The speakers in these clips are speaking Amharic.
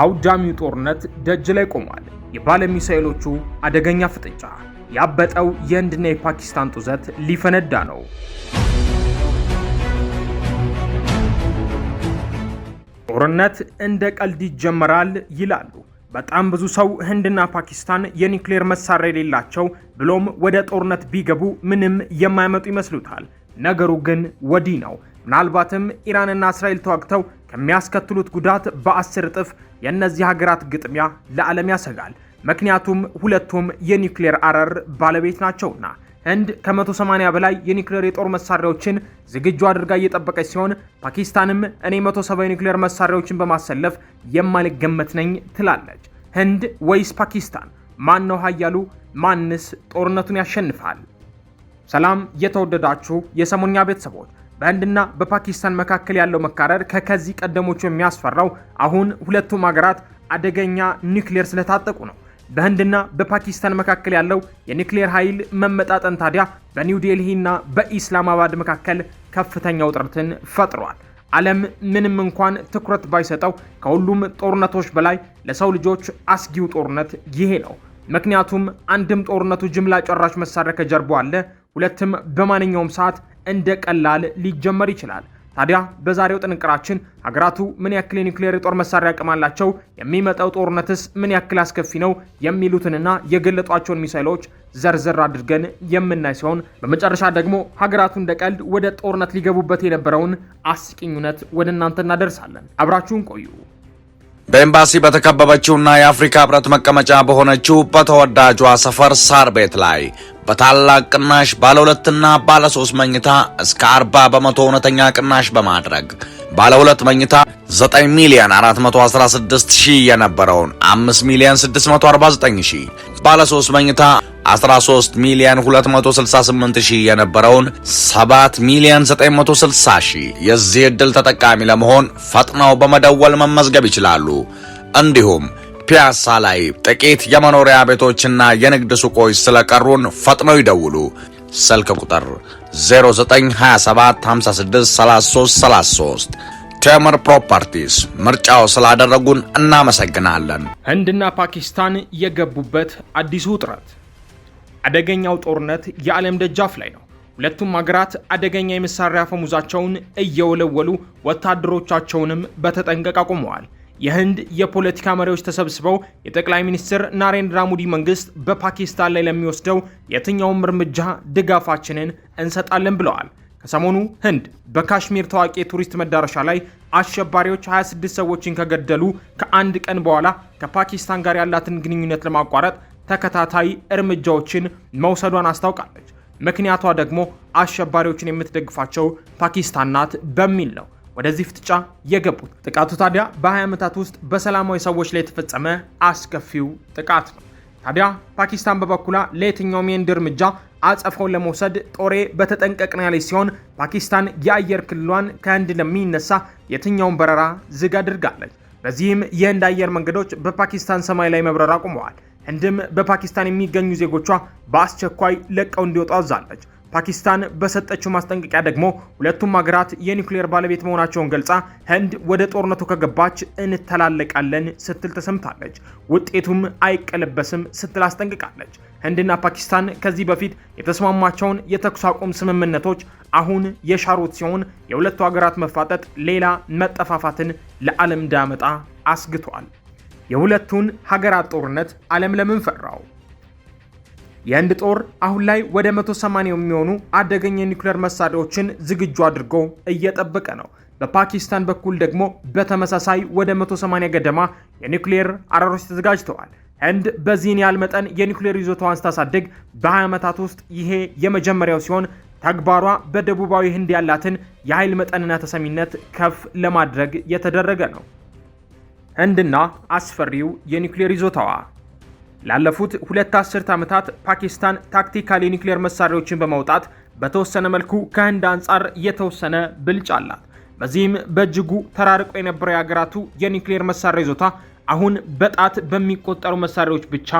አውዳሚው ጦርነት ደጅ ላይ ቆሟል። የባለ ሚሳኤሎቹ አደገኛ ፍጥጫ፣ ያበጠው የህንድና የፓኪስታን ጡዘት ሊፈነዳ ነው። ጦርነት እንደ ቀልድ ይጀመራል ይላሉ በጣም ብዙ ሰው። ህንድና ፓኪስታን የኒውክሌር መሳሪያ የሌላቸው ብሎም ወደ ጦርነት ቢገቡ ምንም የማያመጡ ይመስሉታል። ነገሩ ግን ወዲህ ነው። ምናልባትም ኢራንና እስራኤል ተዋግተው ከሚያስከትሉት ጉዳት በአስር እጥፍ የእነዚህ ሀገራት ግጥሚያ ለዓለም ያሰጋል። ምክንያቱም ሁለቱም የኒውክሌር አረር ባለቤት ናቸውና። ህንድ ከ180 በላይ የኒውክሌር የጦር መሳሪያዎችን ዝግጁ አድርጋ እየጠበቀች ሲሆን ፓኪስታንም እኔ 170 የኒውክሌር መሳሪያዎችን በማሰለፍ የማልገመት ነኝ ትላለች። ህንድ ወይስ ፓኪስታን? ማን ነው ሀያሉ? ማንስ ጦርነቱን ያሸንፋል? ሰላም የተወደዳችሁ የሰሞኛ ቤተሰቦች በህንድና በፓኪስታን መካከል ያለው መካረር ከከዚህ ቀደሞቹ የሚያስፈራው አሁን ሁለቱም ሀገራት አደገኛ ኒውክሌር ስለታጠቁ ነው። በህንድና በፓኪስታን መካከል ያለው የኒውክሌር ኃይል መመጣጠን ታዲያ በኒው ዴልሂና በኢስላማባድ መካከል ከፍተኛ ውጥረትን ፈጥሯል። ዓለም ምንም እንኳን ትኩረት ባይሰጠው ከሁሉም ጦርነቶች በላይ ለሰው ልጆች አስጊው ጦርነት ይሄ ነው። ምክንያቱም አንድም ጦርነቱ ጅምላ ጨራሽ መሳሪያ ከጀርባው አለ፣ ሁለትም በማንኛውም ሰዓት እንደ ቀላል ሊጀመር ይችላል። ታዲያ በዛሬው ጥንቅራችን ሀገራቱ ምን ያክል የኒውክሌር የጦር መሳሪያ አቅም አላቸው፣ የሚመጣው ጦርነትስ ምን ያክል አስከፊ ነው የሚሉትንና የገለጧቸውን ሚሳይሎች ዘርዘር አድርገን የምናይ ሲሆን በመጨረሻ ደግሞ ሀገራቱ እንደ ቀልድ ወደ ጦርነት ሊገቡበት የነበረውን አስቂኙነት ወደ እናንተ እናደርሳለን። አብራችሁን ቆዩ። በኤምባሲ በተከበበችውና የአፍሪካ ህብረት መቀመጫ በሆነችው በተወዳጇ ሰፈር ሳር ቤት ላይ በታላቅ ቅናሽ ባለ ሁለትና ባለ ሶስት መኝታ እስከ 40 በመቶ እውነተኛ ቅናሽ በማድረግ ባለ ሁለት መኝታ 9 ሚሊዮን 416 ሺህ የነበረውን 5 ሚሊዮን 649 ሺህ፣ ባለ 3 መኝታ 13 ሚሊዮን 268 ሺህ የነበረውን 7 ሚሊዮን 960 ሺህ። የዚህ ዕድል ተጠቃሚ ለመሆን ፈጥነው በመደወል መመዝገብ ይችላሉ። እንዲሁም ፒያሳ ላይ ጥቂት የመኖሪያ ቤቶችና የንግድ ሱቆች ስለቀሩን ፈጥነው ይደውሉ። ስልክ ቁጥር 0927563333 ቴምር ፕሮፐርቲስ ምርጫው ስላደረጉን እናመሰግናለን። ህንድና ፓኪስታን የገቡበት አዲሱ ውጥረት አደገኛው ጦርነት የዓለም ደጃፍ ላይ ነው። ሁለቱም ሀገራት አደገኛ የመሳሪያ ፈሙዛቸውን እየወለወሉ ወታደሮቻቸውንም በተጠንቀቅ አቁመዋል። የህንድ የፖለቲካ መሪዎች ተሰብስበው የጠቅላይ ሚኒስትር ናሬንድራ ሙዲ መንግስት በፓኪስታን ላይ ለሚወስደው የትኛውም እርምጃ ድጋፋችንን እንሰጣለን ብለዋል። ከሰሞኑ ህንድ በካሽሚር ታዋቂ የቱሪስት መዳረሻ ላይ አሸባሪዎች 26 ሰዎችን ከገደሉ ከአንድ ቀን በኋላ ከፓኪስታን ጋር ያላትን ግንኙነት ለማቋረጥ ተከታታይ እርምጃዎችን መውሰዷን አስታውቃለች። ምክንያቷ ደግሞ አሸባሪዎችን የምትደግፋቸው ፓኪስታን ናት በሚል ነው። ወደዚህ ፍጥጫ የገቡት። ጥቃቱ ታዲያ በ20 ዓመታት ውስጥ በሰላማዊ ሰዎች ላይ የተፈጸመ አስከፊው ጥቃት ነው። ታዲያ ፓኪስታን በበኩሏ ለየትኛውም የእንድ እርምጃ አጸፋውን ለመውሰድ ጦሬ በተጠንቀቅ ነው ያለች ሲሆን ፓኪስታን የአየር ክልሏን ከህንድ ለሚነሳ የትኛውን በረራ ዝግ አድርጋለች። በዚህም የህንድ አየር መንገዶች በፓኪስታን ሰማይ ላይ መብረር አቁመዋል። ህንድም በፓኪስታን የሚገኙ ዜጎቿ በአስቸኳይ ለቀው እንዲወጡ አዛለች። ፓኪስታን በሰጠችው ማስጠንቀቂያ ደግሞ ሁለቱም ሀገራት የኒውክሌር ባለቤት መሆናቸውን ገልጻ ህንድ ወደ ጦርነቱ ከገባች እንተላለቃለን ስትል ተሰምታለች፣ ውጤቱም አይቀለበስም ስትል አስጠንቅቃለች። ህንድና ፓኪስታን ከዚህ በፊት የተስማማቸውን የተኩስ አቁም ስምምነቶች አሁን የሻሩት ሲሆን የሁለቱ ሀገራት መፋጠጥ ሌላ መጠፋፋትን ለዓለም እንዳያመጣ አስግቷል። የሁለቱን ሀገራት ጦርነት ዓለም ለምን ፈራው? የህንድ ጦር አሁን ላይ ወደ 180 የሚሆኑ አደገኛ የኒውክሌር መሳሪያዎችን ዝግጁ አድርጎ እየጠበቀ ነው። በፓኪስታን በኩል ደግሞ በተመሳሳይ ወደ 180 ገደማ የኒውክሌር አረሮች ተዘጋጅተዋል። ህንድ በዚህን ያህል መጠን የኒውክሌር ይዞታዋን ስታሳድግ በ20 ዓመታት ውስጥ ይሄ የመጀመሪያው ሲሆን ተግባሯ በደቡባዊ ህንድ ያላትን የኃይል መጠንና ተሰሚነት ከፍ ለማድረግ የተደረገ ነው። ህንድና አስፈሪው የኒውክሌር ይዞታዋ ላለፉት ሁለት አስርት ዓመታት ፓኪስታን ታክቲካል የኒውክሌር መሳሪያዎችን በማውጣት በተወሰነ መልኩ ከህንድ አንጻር የተወሰነ ብልጫ አላት። በዚህም በእጅጉ ተራርቆ የነበረው የሀገራቱ የኒውክሌር መሳሪያ ይዞታ አሁን በጣት በሚቆጠሩ መሳሪያዎች ብቻ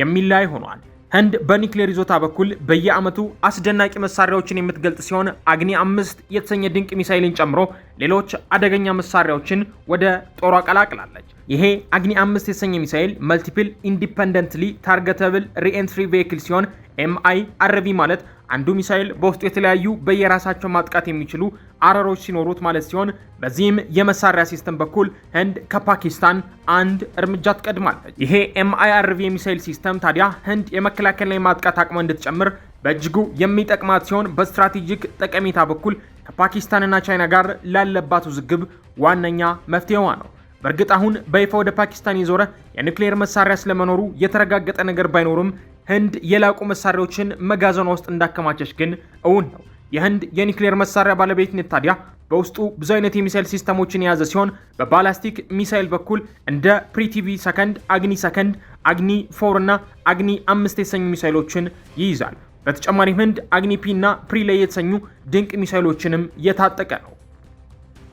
የሚለያይ ሆኗል። ህንድ በኒውክሌር ይዞታ በኩል በየዓመቱ አስደናቂ መሳሪያዎችን የምትገልጽ ሲሆን አግኒ አምስት የተሰኘ ድንቅ ሚሳይልን ጨምሮ ሌሎች አደገኛ መሳሪያዎችን ወደ ጦሯ ቀላቅላለች። ይሄ አግኒ አምስት የተሰኘ ሚሳኤል መልቲፕል ኢንዲፐንደንትሊ ታርገተብል ሪኤንትሪ ቬሂክል ሲሆን ኤምአይ አርቪ ማለት አንዱ ሚሳኤል በውስጡ የተለያዩ በየራሳቸው ማጥቃት የሚችሉ አረሮች ሲኖሩት ማለት ሲሆን በዚህም የመሳሪያ ሲስተም በኩል ህንድ ከፓኪስታን አንድ እርምጃ ትቀድማለች። ይሄ ኤምአይአርቪ የሚሳኤል ሲስተም ታዲያ ህንድ የመከላከልና የማጥቃት አቅሟ እንድትጨምር በእጅጉ የሚጠቅማት ሲሆን በስትራቴጂክ ጠቀሜታ በኩል ከፓኪስታንና ቻይና ጋር ላለባት ውዝግብ ዋነኛ መፍትሄዋ ነው። በእርግጥ አሁን በይፋ ወደ ፓኪስታን የዞረ የኒክሌር መሳሪያ ስለመኖሩ የተረጋገጠ ነገር ባይኖርም ህንድ የላቁ መሳሪያዎችን መጋዘኗ ውስጥ እንዳከማቸች ግን እውን ነው። የህንድ የኒክሌር መሳሪያ ባለቤትነት ታዲያ በውስጡ ብዙ አይነት የሚሳይል ሲስተሞችን የያዘ ሲሆን በባላስቲክ ሚሳይል በኩል እንደ ፕሪቲቪ ሰከንድ፣ አግኒ ሰከንድ፣ አግኒ ፎር እና አግኒ አምስት የተሰኙ ሚሳይሎችን ይይዛል። በተጨማሪም ህንድ አግኒፒ እና ፕሪሌይ የተሰኙ ድንቅ ሚሳይሎችንም የታጠቀ ነው።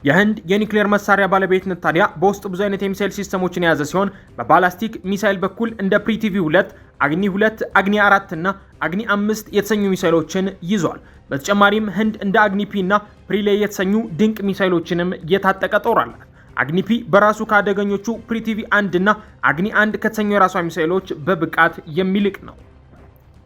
የህንድ የኒውክሌር መሳሪያ ባለቤትነት ታዲያ በውስጡ ብዙ አይነት የሚሳይል ሲስተሞችን የያዘ ሲሆን በባላስቲክ ሚሳይል በኩል እንደ ፕሪቲቪ 2 አግኒ 2 አግኒ 4 እና አግኒ 5 የተሰኙ ሚሳይሎችን ይዟል። በተጨማሪም ህንድ እንደ አግኒፒ እና ፕሪሌይ የተሰኙ ድንቅ ሚሳይሎችንም የታጠቀ ጦር አላት። አግኒፒ በራሱ ከአደገኞቹ ፕሪቲቪ 1 እና አግኒ 1 ከተሰኙ የራሷ ሚሳይሎች በብቃት የሚልቅ ነው።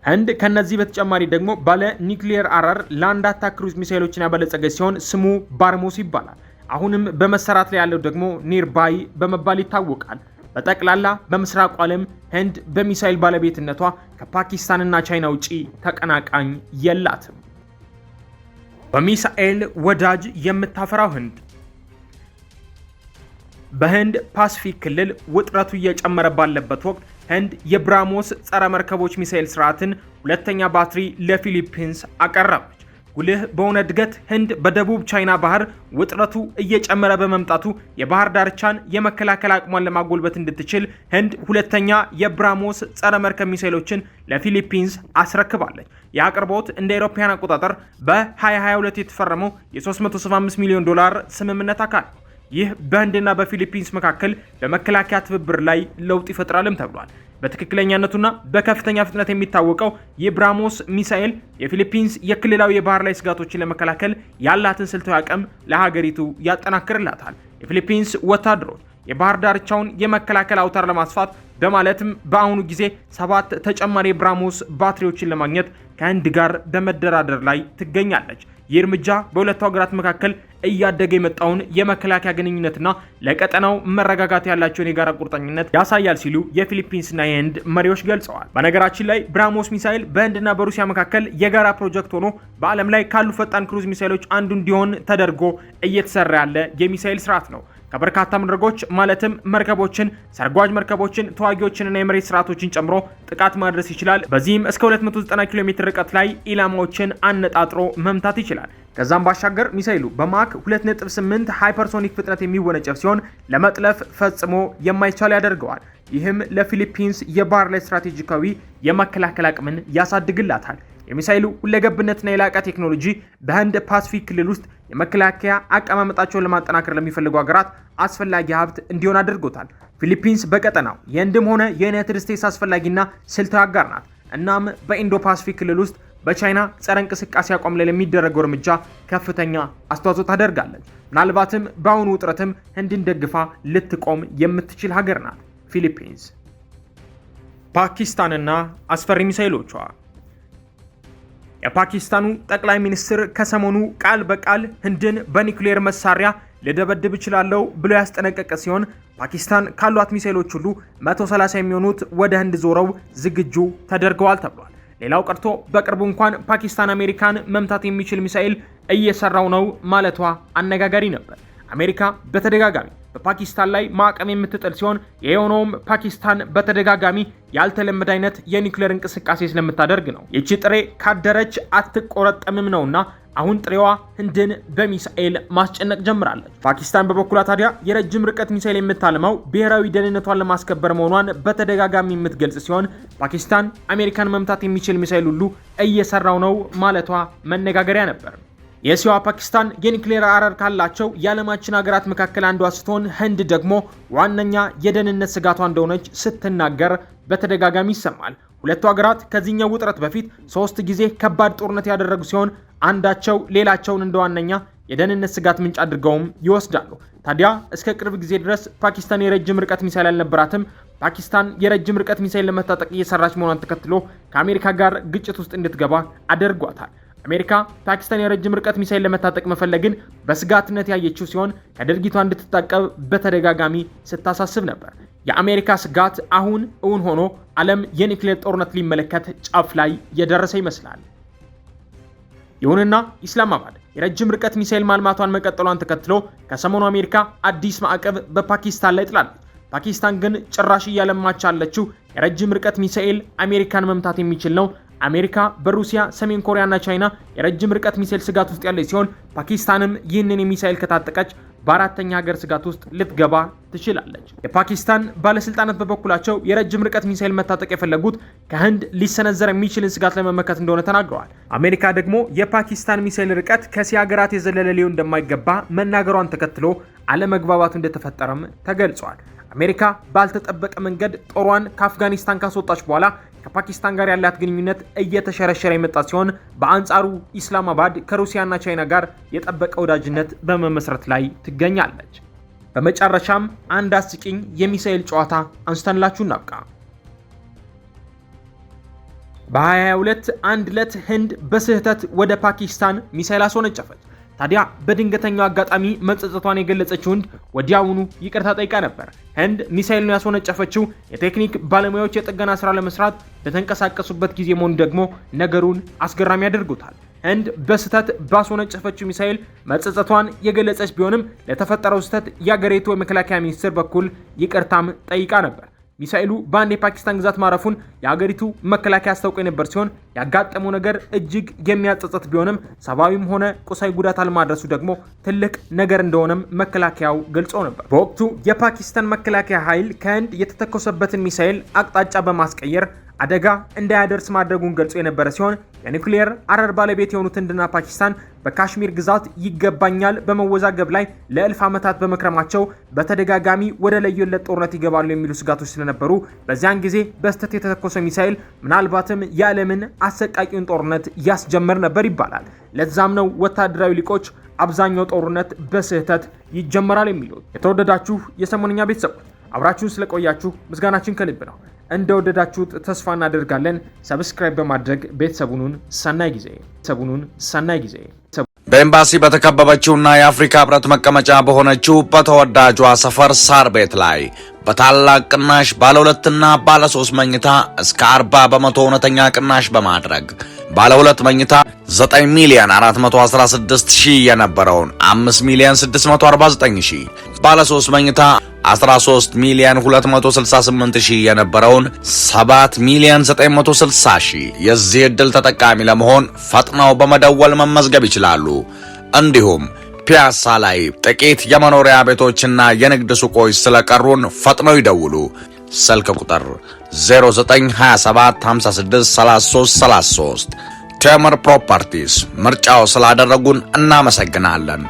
ህንድ ከነዚህ በተጨማሪ ደግሞ ባለ ኒውክሊየር አራር ላንድ አታክ ክሩዝ ሚሳይሎችን ያበለጸገች ሲሆን ስሙ ባርሞስ ይባላል። አሁንም በመሰራት ላይ ያለው ደግሞ ኒርባይ በመባል ይታወቃል። በጠቅላላ በምስራቁ ዓለም ህንድ በሚሳይል ባለቤትነቷ ከፓኪስታንና ቻይና ውጪ ተቀናቃኝ የላትም። በሚሳኤል ወዳጅ የምታፈራው ህንድ በህንድ ፓስፊክ ክልል ውጥረቱ እየጨመረ ባለበት ወቅት ህንድ የብራሞስ ጸረ መርከቦች ሚሳኤል ስርዓትን ሁለተኛ ባትሪ ለፊሊፒንስ አቀረበች። ጉልህ በሆነ እድገት ህንድ በደቡብ ቻይና ባህር ውጥረቱ እየጨመረ በመምጣቱ የባህር ዳርቻን የመከላከል አቅሟን ለማጎልበት እንድትችል ህንድ ሁለተኛ የብራሞስ ጸረ መርከብ ሚሳይሎችን ለፊሊፒንስ አስረክባለች። የአቅርቦት አቅርቦት እንደ አውሮፓውያን አቆጣጠር በ2022 የተፈረመው የ375 ሚሊዮን ዶላር ስምምነት አካል ነው። ይህ በህንድና በፊሊፒንስ መካከል በመከላከያ ትብብር ላይ ለውጥ ይፈጥራልም ተብሏል። በትክክለኛነቱና በከፍተኛ ፍጥነት የሚታወቀው የብራሞስ ሚሳኤል የፊሊፒንስ የክልላዊ የባህር ላይ ስጋቶችን ለመከላከል ያላትን ስልታዊ አቅም ለሀገሪቱ ያጠናክርላታል። የፊሊፒንስ ወታደሮች የባህር ዳርቻውን የመከላከል አውታር ለማስፋት በማለትም በአሁኑ ጊዜ ሰባት ተጨማሪ የብራሞስ ባትሪዎችን ለማግኘት ከህንድ ጋር በመደራደር ላይ ትገኛለች። ይህ እርምጃ በሁለቱ ሀገራት መካከል እያደገ የመጣውን የመከላከያ ግንኙነትና ለቀጠናው መረጋጋት ያላቸውን የጋራ ቁርጠኝነት ያሳያል ሲሉ የፊሊፒንስና የህንድ መሪዎች ገልጸዋል። በነገራችን ላይ ብራሞስ ሚሳይል በህንድና በሩሲያ መካከል የጋራ ፕሮጀክት ሆኖ በዓለም ላይ ካሉ ፈጣን ክሩዝ ሚሳይሎች አንዱ እንዲሆን ተደርጎ እየተሰራ ያለ የሚሳይል ስርዓት ነው። ከበርካታ መድረጎች ማለትም መርከቦችን፣ ሰርጓጅ መርከቦችን፣ ተዋጊዎችንና የመሬት ስርዓቶችን ጨምሮ ጥቃት ማድረስ ይችላል። በዚህም እስከ 290 ኪሎ ሜትር ርቀት ላይ ኢላማዎችን አነጣጥሮ መምታት ይችላል። ከዛም ባሻገር ሚሳይሉ በማክ 2.8 ሃይፐርሶኒክ ፍጥነት የሚወነጨፍ ሲሆን ለመጥለፍ ፈጽሞ የማይቻል ያደርገዋል። ይህም ለፊሊፒንስ የባህር ላይ ስትራቴጂካዊ የመከላከል አቅምን ያሳድግላታል። የሚሳይሉ ሁለገብነትና የላቀ ቴክኖሎጂ በህንድ ፓስፊክ ክልል ውስጥ የመከላከያ አቀማመጣቸውን ለማጠናከር ለሚፈልጉ ሀገራት አስፈላጊ ሀብት እንዲሆን አድርጎታል። ፊሊፒንስ በቀጠናው የህንድም ሆነ የዩናይትድ ስቴትስ አስፈላጊና ስልታዊ አጋር ናት። እናም በኢንዶ ፓስፊክ ክልል ውስጥ በቻይና ጸረ እንቅስቃሴ አቋም ላይ ለሚደረገው እርምጃ ከፍተኛ አስተዋጽኦ ታደርጋለች። ምናልባትም በአሁኑ ውጥረትም ህንድን ደግፋ ልትቆም የምትችል ሀገር ናት ፊሊፒንስ። ፓኪስታንና አስፈሪ ሚሳይሎቿ የፓኪስታኑ ጠቅላይ ሚኒስትር ከሰሞኑ ቃል በቃል ህንድን በኒውክሌር መሳሪያ ልደበድብ እችላለሁ ብሎ ያስጠነቀቀ ሲሆን ፓኪስታን ካሏት ሚሳይሎች ሁሉ 130 የሚሆኑት ወደ ህንድ ዞረው ዝግጁ ተደርገዋል ተብሏል። ሌላው ቀርቶ በቅርቡ እንኳን ፓኪስታን አሜሪካን መምታት የሚችል ሚሳኤል እየሰራው ነው ማለቷ አነጋጋሪ ነበር። አሜሪካ በተደጋጋሚ በፓኪስታን ላይ ማዕቀብ የምትጥል ሲሆን የሆነውም ፓኪስታን በተደጋጋሚ ያልተለመደ አይነት የኒውክሌር እንቅስቃሴ ስለምታደርግ ነው። ይቺ ጥሬ ካደረች አትቆረጠምም ነውና አሁን ጥሬዋ ህንድን በሚሳኤል ማስጨነቅ ጀምራለች። ፓኪስታን በበኩሏ ታዲያ የረጅም ርቀት ሚሳኤል የምታልመው ብሔራዊ ደህንነቷን ለማስከበር መሆኗን በተደጋጋሚ የምትገልጽ ሲሆን ፓኪስታን አሜሪካን መምታት የሚችል ሚሳኤል ሁሉ እየሰራው ነው ማለቷ መነጋገሪያ ነበር። የሲዋ ፓኪስታን የኒክሌር አረር ካላቸው የዓለማችን ሀገራት መካከል አንዷ ስትሆን ህንድ ደግሞ ዋነኛ የደህንነት ስጋቷ እንደሆነች ስትናገር በተደጋጋሚ ይሰማል። ሁለቱ ሀገራት ከዚህኛው ውጥረት በፊት ሶስት ጊዜ ከባድ ጦርነት ያደረጉ ሲሆን አንዳቸው ሌላቸውን እንደ ዋነኛ የደህንነት ስጋት ምንጭ አድርገውም ይወስዳሉ። ታዲያ እስከ ቅርብ ጊዜ ድረስ ፓኪስታን የረጅም ርቀት ሚሳይል አልነበራትም። ፓኪስታን የረጅም ርቀት ሚሳይል ለመታጠቅ እየሰራች መሆኗን ተከትሎ ከአሜሪካ ጋር ግጭት ውስጥ እንድትገባ አድርጓታል። አሜሪካ ፓኪስታን የረጅም ርቀት ሚሳይል ለመታጠቅ መፈለግን በስጋትነት ያየችው ሲሆን ከድርጊቷ እንድትጠቀብ በተደጋጋሚ ስታሳስብ ነበር። የአሜሪካ ስጋት አሁን እውን ሆኖ ዓለም የኒክሌር ጦርነት ሊመለከት ጫፍ ላይ የደረሰ ይመስላል። ይሁንና ኢስላማባድ የረጅም ርቀት ሚሳይል ማልማቷን መቀጠሏን ተከትሎ ከሰሞኑ አሜሪካ አዲስ ማዕቀብ በፓኪስታን ላይ ጥላለች። ፓኪስታን ግን ጭራሽ እያለማች ያለችው የረጅም ርቀት ሚሳኤል አሜሪካን መምታት የሚችል ነው አሜሪካ በሩሲያ ሰሜን ኮሪያና ቻይና የረጅም ርቀት ሚሳይል ስጋት ውስጥ ያለች ሲሆን ፓኪስታንም ይህንን የሚሳይል ከታጠቀች በአራተኛ ሀገር ስጋት ውስጥ ልትገባ ትችላለች። የፓኪስታን ባለስልጣናት በበኩላቸው የረጅም ርቀት ሚሳይል መታጠቅ የፈለጉት ከህንድ ሊሰነዘር የሚችልን ስጋት ለመመከት እንደሆነ ተናግረዋል። አሜሪካ ደግሞ የፓኪስታን ሚሳይል ርቀት ከእስያ ሀገራት የዘለለ ሊሆን እንደማይገባ መናገሯን ተከትሎ አለመግባባቱ እንደተፈጠረም ተገልጿል። አሜሪካ ባልተጠበቀ መንገድ ጦሯን ከአፍጋኒስታን ካስወጣች በኋላ ከፓኪስታን ጋር ያላት ግንኙነት እየተሸረሸረ የመጣ ሲሆን በአንጻሩ ኢስላማባድ ከሩሲያና ቻይና ጋር የጠበቀ ወዳጅነት በመመስረት ላይ ትገኛለች። በመጨረሻም አንድ አስቂኝ የሚሳኤል ጨዋታ አንስተንላችሁ እናብቃ። በ22 አንድ ዕለት ህንድ በስህተት ወደ ፓኪስታን ሚሳኤል አስወነጨፈች። ታዲያ በድንገተኛው አጋጣሚ መጸጸቷን የገለጸችው ህንድ ወዲያውኑ ይቅርታ ጠይቃ ነበር። ህንድ ሚሳይሉን ያስወነጨፈችው የቴክኒክ ባለሙያዎች የጥገና ስራ ለመስራት በተንቀሳቀሱበት ጊዜ መሆኑ ደግሞ ነገሩን አስገራሚ ያደርጉታል። ህንድ በስህተት ባስወነጨፈችው ሚሳይል መጸጸቷን የገለጸች ቢሆንም ለተፈጠረው ስህተት የአገሪቱ የመከላከያ ሚኒስቴር በኩል ይቅርታም ጠይቃ ነበር። ሚሳኤሉ በአንድ የፓኪስታን ግዛት ማረፉን የሀገሪቱ መከላከያ አስታውቆ የነበር ሲሆን ያጋጠመው ነገር እጅግ የሚያጸጸት ቢሆንም ሰብአዊም ሆነ ቁሳዊ ጉዳት አለማድረሱ ደግሞ ትልቅ ነገር እንደሆነም መከላከያው ገልጾ ነበር። በወቅቱ የፓኪስታን መከላከያ ኃይል ከህንድ የተተኮሰበትን ሚሳኤል አቅጣጫ በማስቀየር አደጋ እንዳያደርስ ማድረጉን ገልጾ የነበረ ሲሆን የኒውክሌር አረር ባለቤት የሆኑት ህንድና ፓኪስታን በካሽሚር ግዛት ይገባኛል በመወዛገብ ላይ ለእልፍ ዓመታት በመክረማቸው በተደጋጋሚ ወደ ለየለት ጦርነት ይገባሉ የሚሉ ስጋቶች ስለነበሩ በዚያን ጊዜ በስህተት የተተኮሰ ሚሳኤል ምናልባትም የዓለምን አሰቃቂውን ጦርነት ያስጀመር ነበር ይባላል። ለዛም ነው ወታደራዊ ሊቆች አብዛኛው ጦርነት በስህተት ይጀመራል የሚሉት። የተወደዳችሁ የሰሞንኛ ቤተሰቦች አብራችሁን ስለቆያችሁ ምስጋናችን ከልብ ነው። እንደወደዳችሁት ተስፋ እናደርጋለን። ሰብስክራይብ በማድረግ ቤተሰቡኑን ሰናይ ጊዜ ቤተሰቡኑን ሰናይ ጊዜ በኤምባሲ በተከበበችውና የአፍሪካ ህብረት መቀመጫ በሆነችው በተወዳጇ ሰፈር ሳር ቤት ላይ በታላቅ ቅናሽ ባለ ሁለትና ባለ ሶስት መኝታ እስከ 40 በመቶ እውነተኛ ቅናሽ በማድረግ ባለ ሁለት መኝታ 9 ሚሊዮን 416 ሺህ የነበረውን 5 ሚሊዮን 649 ሺህ ባለ ሶስት መኝታ 13 ሚሊዮን 268 ሺህ የነበረውን 7 ሚሊዮን 960 ሺህ የዚህ ዕድል ተጠቃሚ ለመሆን ፈጥነው በመደወል መመዝገብ ይችላሉ። እንዲሁም ፒያሳ ላይ ጥቂት የመኖሪያ ቤቶችና የንግድ ሱቆች ስለቀሩን ፈጥነው ይደውሉ። ስልክ ቁጥር 0927563333 ቴምር ፕሮፐርቲስ ምርጫው ስላደረጉን እናመሰግናለን።